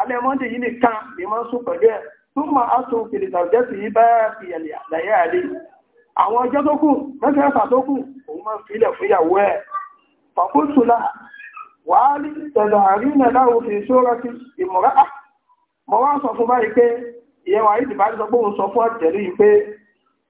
alẹ́ monday yìí nìkan ni máa ń sùn pẹ̀lú ẹ̀ tó máa á sùn fèrè sàrùjẹ́sì yìí bá fi ẹ̀lẹ́ àlàyé àlẹ́ àwọn ọjọ́ tó kù mẹ́sẹ̀ẹ́fà tó kù òun máa ń filẹ̀ fún ìyàwó ẹ̀ fàkóṣùlà wàhálì tẹ̀lẹ̀ àrínà láwọn òfin ìṣòro ti ìmọ̀ra mọ̀ wá sọ fún báyìí pé ìyẹn wàhálì tìbá sọ pé òun sọ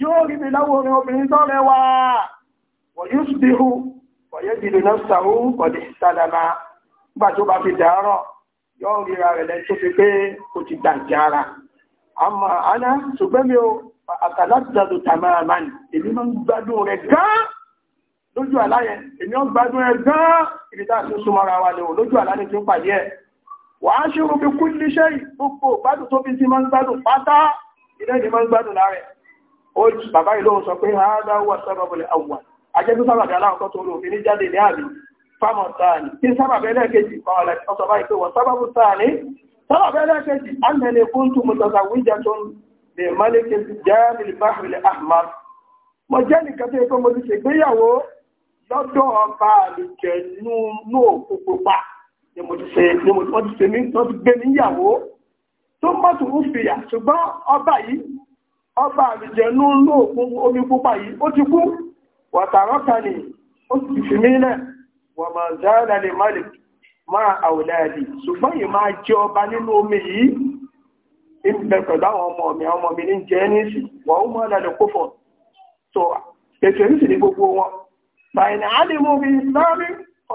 yóò rí mi láwòrán obìnrin tó rẹwà wọ̀nyí ṣùdíhù wọ̀nyí jìnnà náà sàrú ọ̀dẹ̀ sàdàmà nígbà tó bá fi dàárọ̀ yóò ríra rẹ̀ lẹ́yìn tó fi pé kò ti dàǹkì ara àmọ́ àná ṣùgbọ́n mi ò àtàlátìdàdù tàmàmà ní èmi máa ń gbádùn rẹ̀ gán lójú àláyẹ èmi ó gbádùn ẹ gán ibi tá a ti súnmọ́ra wa lè wò lójú àlá ní ti ń pàdé ẹ̀ wà á ṣe rúbi kú níṣẹ́ gbogbo gbádùn tó fi sí máa ń gbádùn pátá ilé ìdí máa ń gbádùn lára ó bàbá yìí lóhun sọ pé hádá wà sábàbọ̀lẹ̀ àwà ajẹ́bí sábàbí aláwọ̀kọ́ tó lò ní jáde ní àbí fámọ̀ tààní tí sábàbí ẹlẹ́ẹ̀kejì ọ̀sọ̀bá ìpé wọ̀ sábàbù tààní sábàbí ẹlẹ́ẹ̀kejì alẹ́lẹ́ kún tún mo tọ́ta wíjà tó ń lè málẹ́kẹ́ jáàmìlì báhìlẹ̀ ahmad mo jẹ́ nìkan tó yẹ pé mo ti ṣègbéyàwó lọ́dọ̀ ọba àlùjẹ̀ nínú òkú pupa ni mo ti ṣe ni mo ti ṣe mí tó ti gbé níyàwó tó mọ́tò ń fìyà ṣùgbọ́n ọba yìí ọba àrìjẹ̀nú ló òkun omi púpà yìí ó ti kú wàtàrọ́kàní ó ti fi mílẹ̀ wà máa záàrà lè malik máa àwòlẹ́ẹ̀dì ṣùgbọ́n yìí máa jẹ ọba nínú omi yìí ìbẹ̀ pẹ̀lú àwọn ọmọ mi ọmọ mi ní jẹ́ níìsì wà ó kó tó ètò ní mi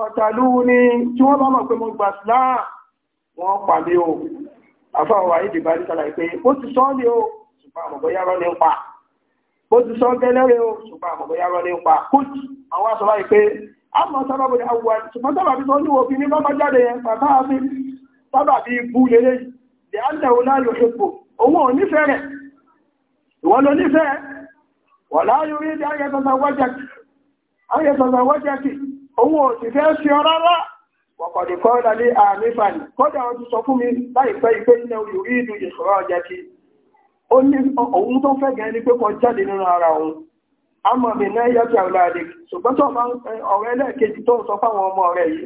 ọ̀tàlú ni tí wọ́n bá mọ̀ o ní ṣùgbọ́n àmọ̀bọ̀yá rọ́ ní pa bó ti sọ gẹ́lẹ́ rẹ̀ o ṣùgbọ́n àmọ̀bọ̀yá rọ́ ní pa kúùtù àwọn aṣọ báyìí pé àmọ́ sábàbí ni àwọn ṣùgbọ́n sábàbí tó ní òfin ní bábá jáde yẹn bàbá àfi sábàbí ibú lélẹ̀ ìdí àndẹ̀wò láyò epo òun ò nífẹ̀ẹ́ rẹ̀ ìwọ́n ló nífẹ̀ẹ́ wọ̀ láyò rí ìdí ayẹsọ̀sọ̀ wọ́jẹ́kì òun ò sì fẹ́ sí ọ rárá wọ̀kọ̀dẹ̀kọ́ ìdálé àmì fàní kọ́dà ọdún sọ fún mi láìpẹ́ ìpé ilẹ̀ orí ìlú ìṣòro ọjẹ́kì onye ọkụ òun tó fẹ́ gẹ̀ẹ́ ni pé kọ jáde nínú ara òun a mọ̀ mi náà yẹ́ ti àwọn àdè ṣùgbọ́n tó bá ọ̀rẹ́ tó ń sọ fáwọn ọmọ rẹ̀ yìí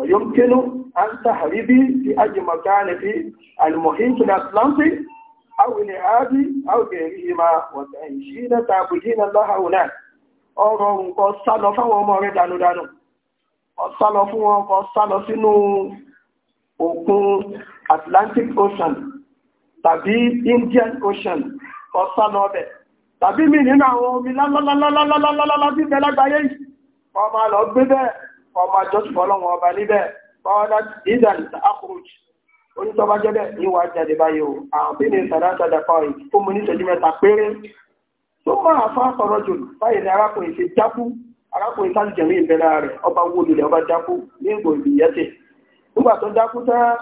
ọ̀yọ́ ń kínú a ń ta àríbí ti ajimọ̀ká ni fi alimohin àbùjí náà nǹkan fáwọn ọmọ rẹ̀ fún wọn tàbí Indian Ocean ọ̀sánà ọbẹ̀ tàbí mi nínú àwọn omi lálálálálálálálá bí bẹ lágbàáyé ọmọ lọ gbé bẹ́ẹ̀ ọmọ àjọsùn ọlọ́run ọba níbẹ̀ ọ̀dá ìdàn akuruj onítọ́bá jẹ́bẹ̀ níwà jáde báyìí o àwọn bí ní sàdásàdà fáwọn fún mi nítorí mẹ́ta péré tó máa fá sọ̀rọ̀ jù báyìí ni arákùnrin ti jákú arákùnrin sáàjẹ̀mí ìbẹ̀rẹ̀ rẹ̀ ọba wó lulẹ̀ ọba jákú ní ìgbò ìbìyẹ́tẹ̀ nígbà tó jákú tán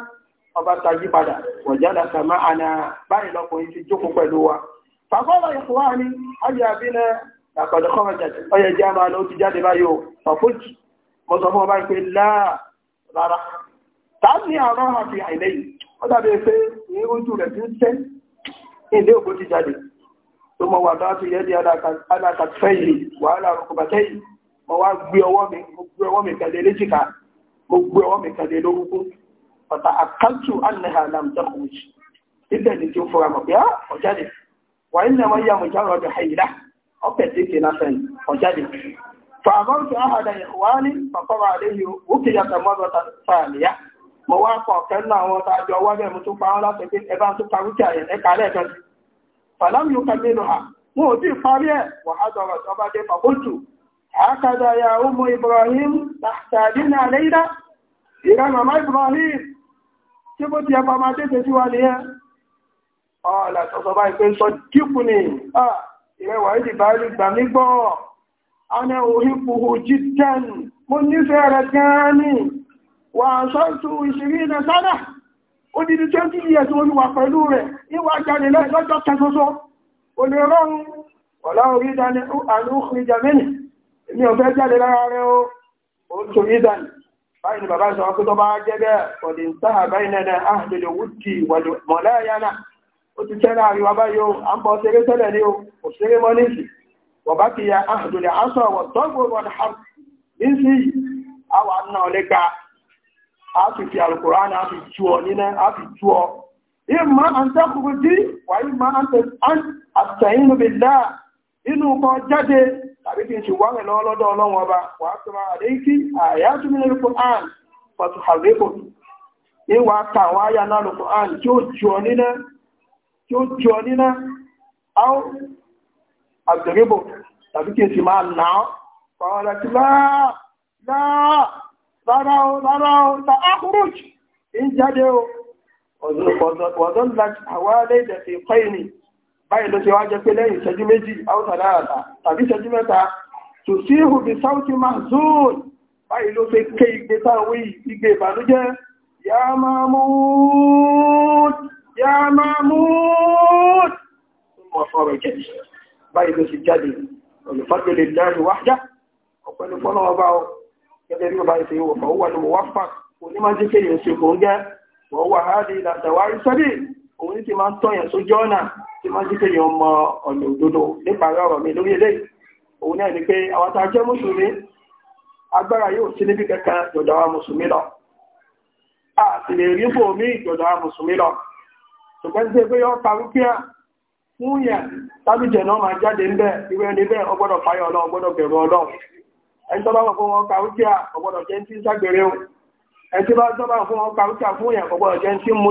ọba tají padà wọ̀jádà sàmá àná báyìí lọkùnrin ti jókòó pẹ̀lú wa fàkọ́lọ̀ yẹ̀kọ́ wá ní ọjà àbínà àkọ̀dọ̀ kọ́mọ̀jáde ọyẹ jẹ́ àmà ló ti jáde báyìí ọ̀fọ́jì mo sọ fún ọba pé láà rárá tàbí àrọ́ àfi àìlẹ́yìn ó dàbí pé ní ojú rẹ̀ ti ń tẹ́ ilé òkú ti jáde tó mọ wà bá ti yẹ di alákàtúfẹ́ yìí wàhálà rọ̀kọ̀bàtẹ́ yìí mo wá gbé ọwọ́ mi gbé ọwọ́ mi kẹ̀lé léjìká mo gbé ọwọ́ mi kẹ̀lé lórúkú ọ̀tà àkáǹtù ànàhà làmùtà kùjì níbẹ̀ ni tí ó fura mọ̀ pé á ah, ọ̀jáde wà ní ẹ̀wọ̀n ọ mọ̀já rọ̀ ọdún àyílá ọ̀pẹ̀ tí kì náà sẹ́yìn ọ̀jáde fàmọ́tò àhàdà ìwà ní pàpọ̀rọ̀ àléyìn òkè wọn tá a jọ wá bẹ́ẹ̀ mo tún pa wọn láti ya tí bó ti ẹpa máa tẹ́tẹ́ sí wa ní ẹ́ ọ̀là sọ̀sọ̀ bá ìpé sọ dípù ní ìrẹwà ìdí bá rí gbà mí gbọ́ ọ̀nà òhìpùhù jíjẹ́n mo nífẹ̀ẹ́ rẹ̀ gan-an ní wà sọ́ọ̀tù ìṣirí ilẹ̀ sádà ó di twenty years ó wà pẹ̀lú rẹ̀ níwà jáde lọ́jọ́ kẹsọsọ báyìí ni bàbá sọ pé tó bá jẹ́ bẹ́ẹ̀ ọ̀dì ń sáà báyìí nẹ́nẹ́ áhìlẹ̀ wùdí mọ̀láyàna ó ti tẹ́lẹ̀ àríwá báyìí o a ń bọ̀ ṣeré tẹ́lẹ̀ ní o kò ṣeré mọ́ nísì bọ̀bá ya áhìlẹ̀ aṣọ àwọn tọ́gbò wọn ha nísì àwọn a fi fi inú kọ jáde tàbí kí n ṣe ba lọ́wọ́ lọ́dọ̀ ọlọ́run ọba wàá tó máa rẹ̀ kí àyà tó nílẹ̀ lóko àn pàtó àrékò ní wàá àyà náà lóko àn tí ó jọ tàbí kí o o ta ákúrúj ń jáde o báyìí ló ṣe wá jẹ́ pé lẹ́yìn ìṣẹ́jú méjì áùtàdáàtà tàbí ìṣẹ́jú mẹ́ta tó sí ìhùbí sáùtì máa zoon báyìí ló ṣe ké igbe táwọn igbe ìbànújẹ́ yá máa mú yá máa mú mọ̀ sọ̀rọ̀ ìjẹ̀dì báyìí ló ṣe jáde olùfàgbélé dárí wájá ọ̀pẹ́ni fọ́nà ọba ọ gẹ́gẹ́ bí ọba ìṣe ìwọ̀fà ó òun ní ti máa ń tọ́yàn sójú ọ̀nà tí máa jíkẹ́ yọ ọmọ ọ̀nà òdodo níparí ọ̀rọ̀ mi lórí eléyìí òun náà ni pé àwọn a jẹ́ mùsùlùmí agbára yóò sí níbi kankan jọ̀dọ̀ mùsùlùmí lọ a sì lè rí bò mí mùsùlùmí lọ ṣùgbọ́n tí pé yọ parú fún yẹn tábìjẹ̀ náà máa jáde ń ẹni fún wọn ń tí fún wọn fún ọgbọdọ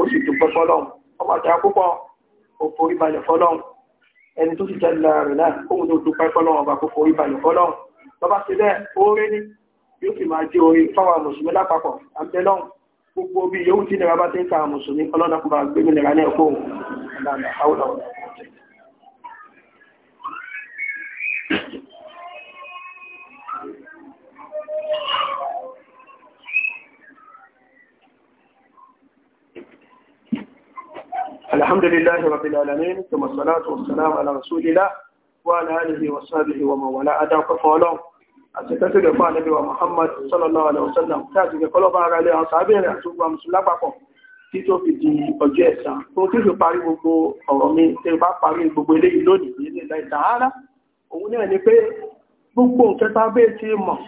ó sì dúpẹ́ fọ́lọ́hun ọmọ àtàrà púpọ̀ ó forí balẹ̀ fọ́lọ́hun ẹni tó sì jẹ́ lára rẹ̀ náà òun ló dúpẹ́ fọ́lọ́hun ọba kó forí balẹ̀ fọ́lọ́hun bàbá sí bẹ́ẹ̀ oore ní yóò sì máa jẹ́ oore fáwọn mùsùlùmí lápapọ̀ àbẹ́lọ́hun gbogbo bí yóò ti nira bá ti ń ka mùsùlùmí ọlọ́dà kó náà kó الحمد لله رب العالمين ثم الصلاة والسلام على رسول الله وعلى آله وصحبه ومن والاه أدى كفالهم àtẹ̀tẹ́tẹ̀ rẹ̀ fún àlẹ́bíwà Muhammad sallallahu alaihi wasallam tí a ti rẹ̀ kọlọ́bà ara ilẹ̀ àwọn sàábẹ̀ rẹ̀ àti ogun àmùsùn lápapọ̀ tí tó fi di ọjọ́ ẹ̀san tó tí fi parí gbogbo ọ̀rọ̀ mi tí bá parí gbogbo eléyìí lónìí ní ilẹ̀ ìdáhárá òun náà ni pé gbogbo nǹkan tá bẹ́ẹ̀ ti mọ̀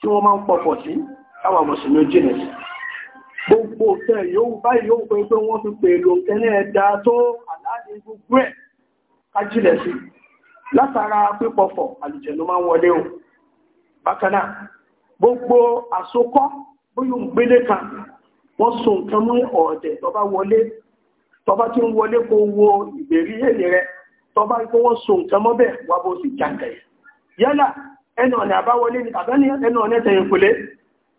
tí wọ́n máa ń pọ̀pọ̀ sí àwọn mùsùlùmí jìnà sí gbogbo ọ̀fẹ́ yóò báyìí yóò pẹ́ pé wọ́n fi pè lò ẹ̀lẹ́ ẹ̀dá tó aláàdé gbogbo ẹ̀ kájílẹ̀ sí látara pípọ̀fọ̀ àlùjẹ̀nú máa ń wọlé o bákanáà gbogbo àsokọ́ bóyá ń gbélé kan wọ́n so nǹkan mú ọ̀ọ̀dẹ̀ tọba wọlé tọba tí ń wọlé kó wo ìbèrí èlé rẹ tọba kó wọ́n so nǹkan mọ́bẹ̀ wà bó sì jàǹkẹ̀ yálà ẹnu ọ̀nà àbáwọlé ni tàbí ẹnu ọ̀nà ẹ̀tẹ̀yìnkùlé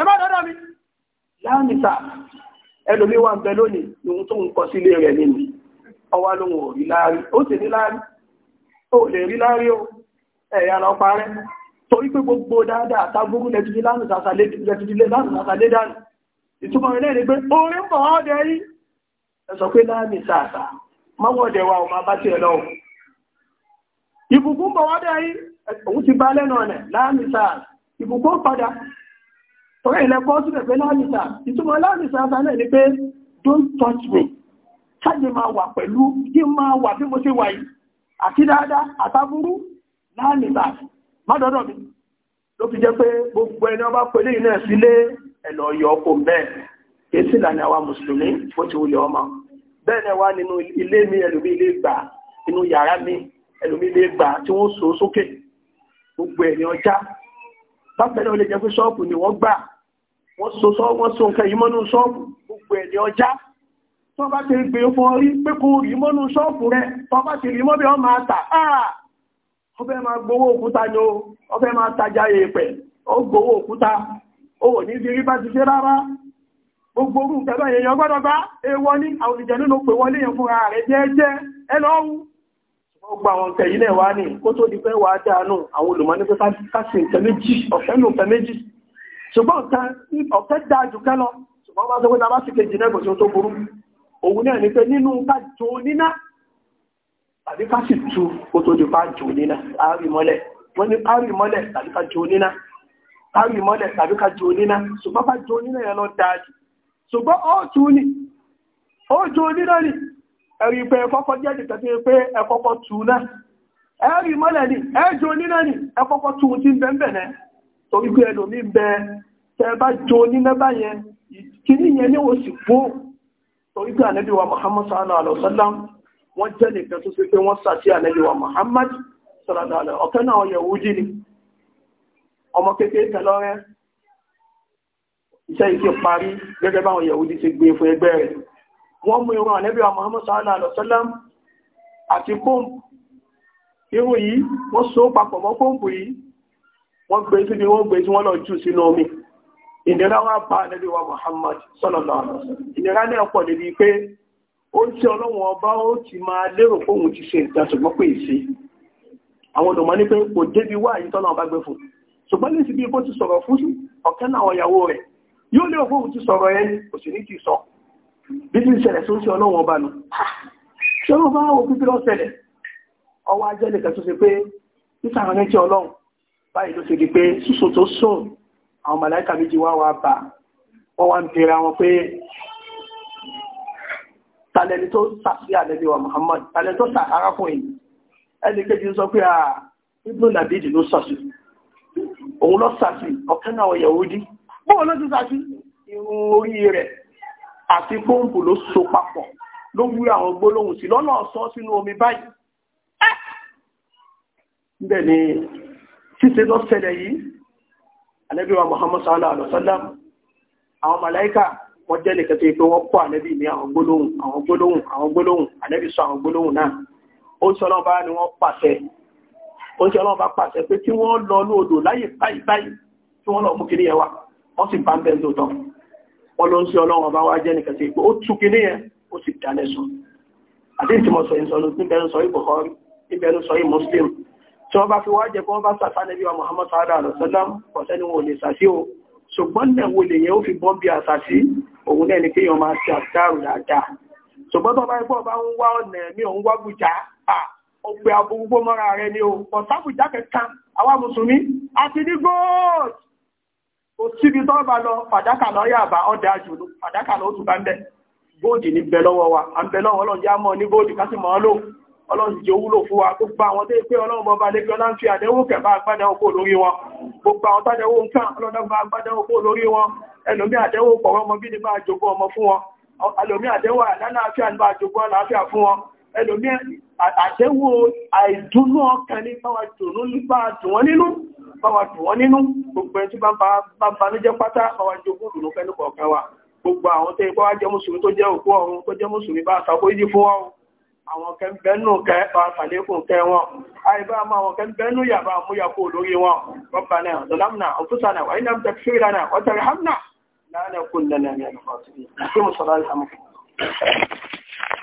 ẹ má dọ́dọ̀ mi láàmìta ẹlòmí wà ń bẹ lónìí lóhun tó ń kọ sílé rẹ̀ nínú ọwá lóhun òrí láàrí ó sì ní láàrí ó lè rí láàrí ó ẹ̀yà lọ parẹ́ torí pé gbogbo dáadáa tábúrú lẹ́tìdí lánàtàlé dànù ìtumọ̀ ilé ni pé orí ń bọ̀ ọ́dẹ yí ẹ̀sọ̀ pé láàmì sàtà mọ́wọ́dẹ wa ọmọ abá tiẹ̀ lọ ìbùkún bọ̀ ọ́dẹ yí òun ti bá lẹ́nu ọ̀nà láàmì sàtà ìbùkún padà torí ilẹ̀kọ́ tún pẹ̀pẹ̀ láàrínṣà ìtumọ̀ láàrínṣà sálẹ̀ ni pé don't touch me ṣáàjì máa wà pẹ̀lú kí máa wà bí mo ṣe wà yìí àti dáadáa àtàbúrú láàrínṣà mádọ́dọ̀ mi ló fi jẹ́ pé gbogbo ẹni ọba pẹ̀lú iná sílé ẹ̀lọ́ yọ ọkọ̀ bẹ́ẹ̀ èsì lànà àwa mùsùlùmí ó ti wulẹ̀ ọmọ bẹ́ẹ̀ náà wá nínú ilé mi ẹlòmí ilé gbà inú yàrá mi ẹlòmí ilé gbà tí wọ́n so sókè gbogbo ẹni ọjà bákẹ́lẹ́ olè jẹ́ pé ṣọ́ọ̀pù ni wọ́n gbà wọ́n so wọn yìí mọ́nú ṣọ́ọ̀pù gbogbo ẹ̀ ní ọjà tó bá ti gbé fún orí pé kò rí mọ́nú ṣọ́ọ̀pù rẹ̀ tó bá ti rí mọ́bí ọmọ àtà ó fẹ́ máa gbowó òkúta ni ní gbogbo àwọn nǹkan yìí náà wá ní kó tó di pé wàá dáanú àwọn olùmọ̀ ní pé káṣí nǹkan méjì ọ̀fẹ́ nù nǹkan méjì ṣùgbọ́n nǹkan ọ̀fẹ́ dáa jù kẹ́ lọ ṣùgbọ́n bá sọ pé náà bá sì kejì náà gbèsè tó burú òun náà ní pé nínú ká jó níná tàbí ká sì tu kó tó di pa jó níná àárí mọ́lẹ̀ wọ́n ní àárí mọ́lẹ̀ tàbí ká jó níná àárí mọ́lẹ̀ ẹ̀rí pé ẹkọ́kọ́ jẹ́ ìdìtẹ̀ tí pé ẹkọ́kọ́ tù náà ẹ̀rí mọ́lẹ̀ ni ẹjọ́ nínà ni ẹkọ́kọ́ tù tí ń bẹ́ bẹ̀rẹ̀ torí pé ẹlòmí bẹ tẹ bá jọ báyẹn ní o sì fún torí pé wa Muhammad sallallahu alaihi wasallam wọ́n jẹ́ nìkan tó pé wọ́n sà sí wa wọ́n mú irun ànẹ́bí wa Muhammad sallallahu alaihi wasallam àti kóòmù irun yìí wọ́n so papọ̀ mọ́ kóòmù yìí wọ́n gbé síbi wọ́n gbé tí wọ́n lọ jù sínú omi ìnira wá bá wa Muhammad sallallahu alaihi wasallam ìnira náà tí ọba o ti máa lérò ti sọ bí ti ṣẹlẹ̀ tó ń ṣe ọlọ́wọ̀n ọba nù ṣe wọ́n bá wọ́n pípẹ́ lọ́sẹ̀lẹ̀ ọwọ́ ajẹ́ nìkan tó ṣe pé nísàwọn ẹni tí ọlọ́run báyìí ló ṣe di pé sísò tó sùn àwọn màláìka méjì wá wá bà wọ́n wá ń bèèrè àwọn pé tàlẹ́ni tó sàfí àlẹ́bí wa Muhammad tàlẹ́ni tó sàkárá fún èyí ẹni kejì sọ pé à ibùdó nàbídì ló sàfí òun lọ sàfí ọ̀kẹ́ náà yẹ̀wò dí bọ́ọ̀ lọ́dún sàfí irun orí rẹ̀ àti pọ́ǹpù ló so papọ̀ ló si àwọn gbólóhùn sí lọ́nà ọ̀sán sínú omi báyìí níbẹ̀ ni ṣíṣe lọ ṣẹlẹ̀ yìí Ànábì wa Muhammad sallallahu alaihi àwọn màláíkà wọ́n jẹ́ nìkan tó yẹ wọ́n kọ́ Ànábì ní àwọn gbólóhùn àwọn gbólóhùn àwọn gbólóhùn sọ àwọn gbólóhùn náà ó ń sọlọ́n bá ní wọ́n pàṣẹ ó ń sọlọ́n bá pàṣẹ pé kí wọ́n lọ ní odò láyè wa wọ́n sì bá ń bẹ́ẹ̀ lóòótọ́ wọ́n ló ń sí ọlọ́run bá wá jẹ́ nìkan sí pé ó túnkí ní ẹ̀ ó sì dálẹ̀ sọ àdéhùn tí mo sọ ìsọ̀nù níbẹ̀rù sọ ìbùkọ́rí níbẹ̀rù sọ ìmùsùlùm tí wọ́n bá fi wá jẹ́ pé wọ́n bá sàtà níbi wa ni wọn ò lè sàsí o ṣùgbọ́n náà wo lè yẹn ó fi bọ́n bí àṣà sí òun náà ni pé èèyàn máa ṣe àṣàrò dáadáa ṣùgbọ́n tó ni o kò síbi tó bá lọ fàdákà lọ yà bá ọdá jù lọ fàdákà lọ tún bá ń bẹ góòdì ní bẹ lọ́wọ́ wa à ń bẹ lọ́wọ́ Ọlọ́run yá mọ́ ní góòdì ká sì mọ́ lò Ọlọ́run jẹ́ wúlò fún wa gbogbo àwọn tó pé Ọlọ́run bọba lẹ́gbẹ́ ọlá ń fi àdẹ́wò kẹfà agbádẹ́wò kó lórí wọn gbogbo àwọn tàdẹ́wò ń kàn ọlọ́dọ́gba agbádẹ́wò kó lórí wọn ẹlòmí àdẹ́wò pọ̀rọ̀ ọmọ bí ní bá jogún ọmọ fún wọn ẹlòmí àdẹ́wò àlálàáfíà ní bá jogún àlàáfíà fún wọn ẹlòmí àṣẹ́wò àìdúnú ọkàn ní báwa tòrún nípa tòwọ́n nínú báwa tòwọ́n nínú gbogbo ẹ̀ tí bá ń banújẹ́ pátá báwa jogún dùnú fẹ́nu kọ̀ọ̀kan wa gbogbo àwọn tẹ́ ipá wá jẹ́ mùsùlùmí tó jẹ́ òkú ọ̀run tó jẹ́ mùsùlùmí bá àtàkó ìdí fún wọn àwọn kẹ́ńbẹ́nù kẹ́ àtàlékùn kẹ́ wọn àìbá àmọ́ àwọn kẹ́ńbẹ́nù yàbá àmúyàkó lórí wọn Rabbana zalamna anfusana wa illam taghfir lana wa tarhamna la nakunanna minal khasirin